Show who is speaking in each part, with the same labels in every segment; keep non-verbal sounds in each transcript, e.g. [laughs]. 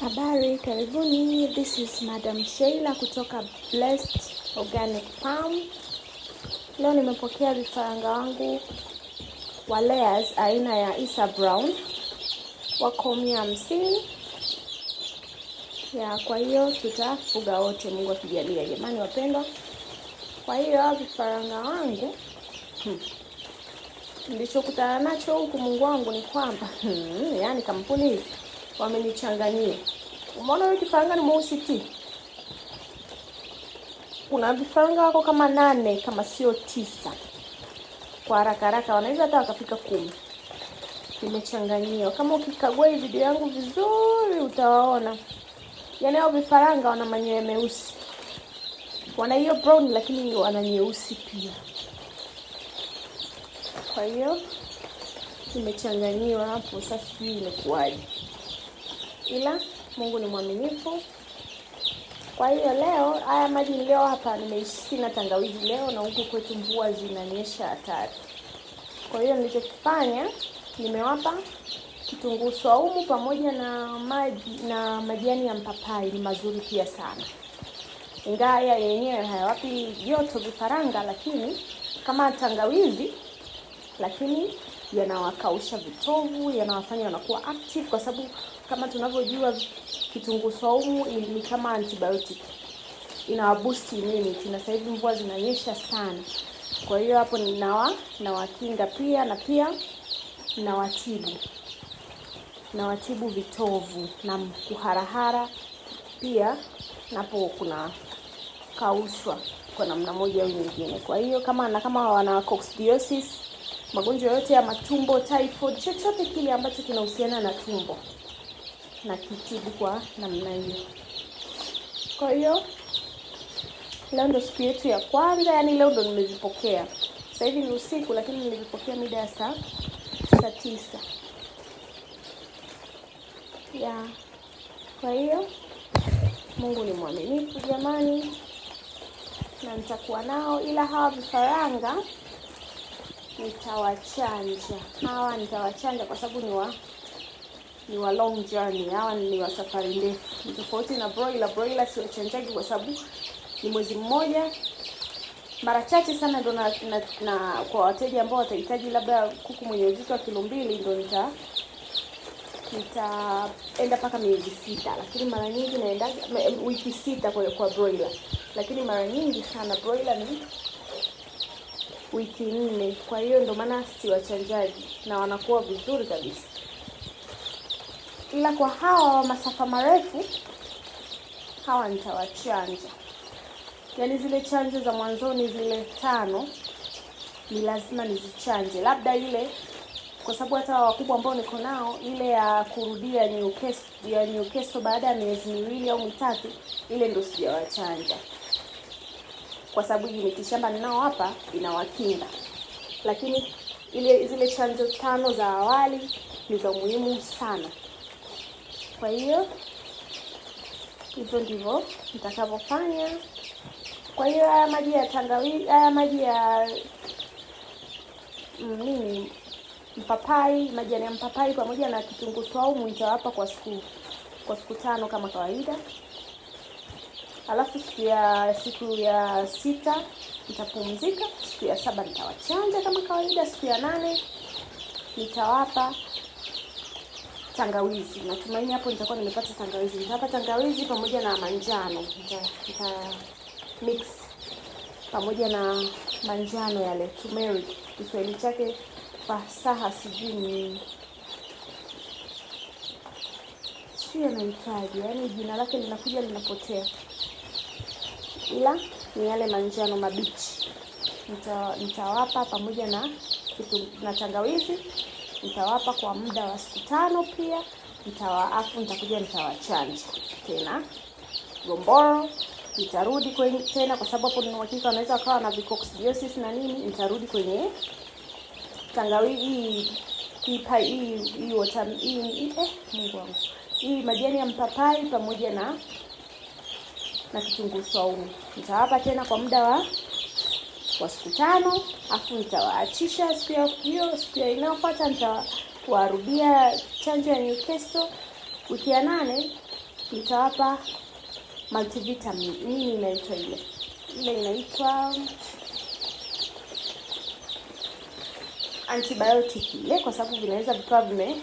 Speaker 1: Habari, karibuni. This is Madam Sheila kutoka Blessed Organic Farm. Leo nimepokea vifaranga wangu wa layers aina ya Isa Brown, wako mia hamsini ya, kwa hiyo tutafuga wote, Mungu akijalia, jamani wapendwa. Kwa hiyo vifaranga wangu hmm. nacho huku Mungu wangu ni kwamba [laughs] hmm, yaani kampuni hizi wamenichanganyia Umeona huyu kifaranga ni mweusi ti. Kuna vifaranga wako kama nane kama sio tisa, kwa haraka haraka wanaweza hata wakafika kumi. Kimechanganyio, Kama ukikagua hii video yangu vizuri, utawaona yaani hao vifaranga wana manyoya meusi, wana hiyo brown, lakini wana nyeusi pia. Kwa hiyo imechanganyiwa hapo. Sasa sijui imekuwaje, ila Mungu ni mwaminifu. Kwa hiyo leo haya maji leo hapa nimeisina tangawizi leo, na huku kwetu mvua zinanyesha hatari. Kwa hiyo nilichokifanya nimewapa kitunguu saumu pamoja na maji na majani ya mpapai, ni mazuri pia sana, ingawa yenyewe hayawapi joto vifaranga, lakini kama tangawizi lakini yanawakausha vitovu, yanawafanya wanakuwa active, kwa sababu kama tunavyojua kitunguu saumu ni kama antibiotic, inawaboost immunity, na sasa hivi mvua zinanyesha sana. Kwa hiyo hapo ninawa nawakinga pia na pia nawatibu nawatibu vitovu na kuharahara pia napo kuna kaushwa kwa namna moja au nyingine. Kwa hiyo kama na kama wana coccidiosis magonjwa yote ya matumbo, typhoid, chochote kile ambacho kinahusiana na tumbo na kitibu kwa namna hiyo. Kwa hiyo leo ndo siku yetu ya kwanza, yani leo ndo nimevipokea. Sasa hivi ni usiku, lakini nilivipokea mida ya saa saa tisa ya kwa hiyo Mungu ni mwaminifu jamani, na nitakuwa nao, ila hawa vifaranga nitawachanja hawa, nitawachanja kwa sababu ni wa ni wa long journey, hawa ni wa safari ndefu. tofauti na broiler. Broiler siwachanjaji kwa sababu ni mwezi mmoja, mara chache sana ndo na, na, na kwa wateja ambao watahitaji labda kuku mwenye uzito wa kilo mbili ndo nita nitaenda mpaka miezi sita, lakini mara nyingi naenda wiki sita kwa, kwa broiler, lakini mara nyingi sana broiler ni wiki nne. Kwa hiyo ndio maana wachanjaji na wanakuwa vizuri kabisa, ila kwa hawa wa masafa marefu hawa nitawachanja. Yaani zile chanjo za mwanzoni zile tano ni lazima nizichanje, labda ile kwa sababu hata wakubwa ambao niko nao ile ya kurudia Newcastle ya Newcastle baada ya miezi miwili au mitatu, ile ndio sijawachanja kwa sababu hii shamba ninao hapa inawakinga. Lakini ile zile chanjo tano za awali ni za umuhimu sana. Kwa hiyo hivyo ndivyo nitakavyofanya. Kwa hiyo haya maji ya tangawizi, haya maji ya mm, nini, mpapai, majani ya mpapai pamoja na kitunguu swaumu nitawapa kwa siku kwa siku tano kama kawaida alafu siku ya siku ya sita nitapumzika, siku ya saba nitawachanja kama kawaida, siku ya nane nitawapa tangawizi. Natumaini hapo nitakuwa nimepata tangawizi. Nitawapa tangawizi pamoja na manjano, nita mix pamoja na manjano yale, turmeric. Kiswahili chake fasaha sijui ni sio, anaitaje? Yaani jina lake linakuja linapotea ila ni yale manjano mabichi. Nita, nitawapa pamoja na kitu na tangawizi nitawapa kwa muda wa siku tano. Pia nitawaafu nitakuja nitawachanja tena gomboro nitarudi kwenye tena, kwa sababu hapo nina uhakika wanaweza wakawa na coccidiosis na nini. Nitarudi kwenye tangawizi hii, hii, hii, hii, hii, eh, Mungu wangu, hii majani ya mpapai pamoja na na kitunguu saumu. Nitawapa tena kwa muda wa kwa siku tano, afu nitawaachisha. Siku ya hiyo siku inayofuata nitawarudia chanjo ya Newcastle. Wiki ya nane nitawapa multivitamin. Nini inaitwa ile ile inaitwa antibiotic ile, kwa sababu vinaweza vikawa vime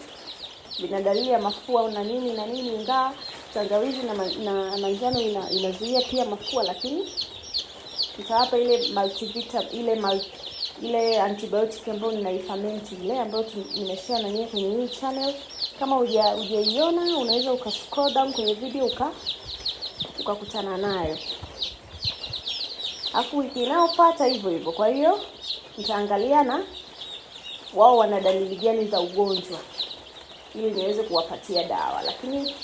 Speaker 1: vina dalili ya mafua na nini na nini, ingawa Tangawizi na, na manjano ina, inazuia pia mafua, lakini nitawapa ile multivitamin ile mal, ile antibiotic ambayo ninaiferment ile ambayo nimeshare na nyinyi kwenye hii channel. Kama hujaiona unaweza uka down kwenye video uka ukakutana nayo, afu wiki inayofuata hivyo hivyo. Kwa hiyo nitaangalia na wao wana dalili gani za ugonjwa ili niweze kuwapatia dawa, lakini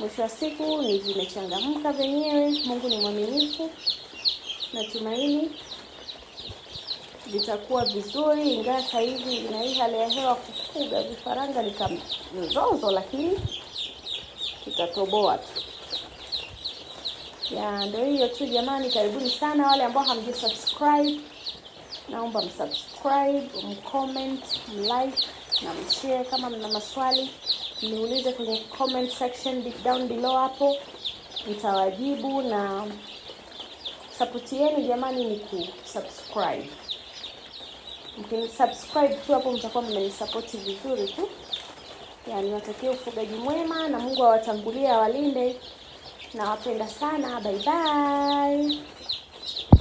Speaker 1: Mwisho wa siku ni vimechangamka vyenyewe. Mungu ni mwaminifu, natumaini vitakuwa vizuri, ingawa sasa hivi na hii hali ya hewa kufuga vifaranga ni mzozo, lakini tutatoboa tu. Ya ndio hiyo tu jamani, karibuni sana wale ambao hamjasubscribe, naomba msubscribe, mcomment, mlike na mshare kama mna maswali niulize kwenye comment section deep down below hapo, nitawajibu na sapoti yenu jamani ni kusubscribe. Mkinisubscribe tu hapo mtakuwa mnanisapoti vizuri tu. Yani, watakia ufugaji mwema na Mungu awatangulie awalinde. Nawapenda sana, bye bye.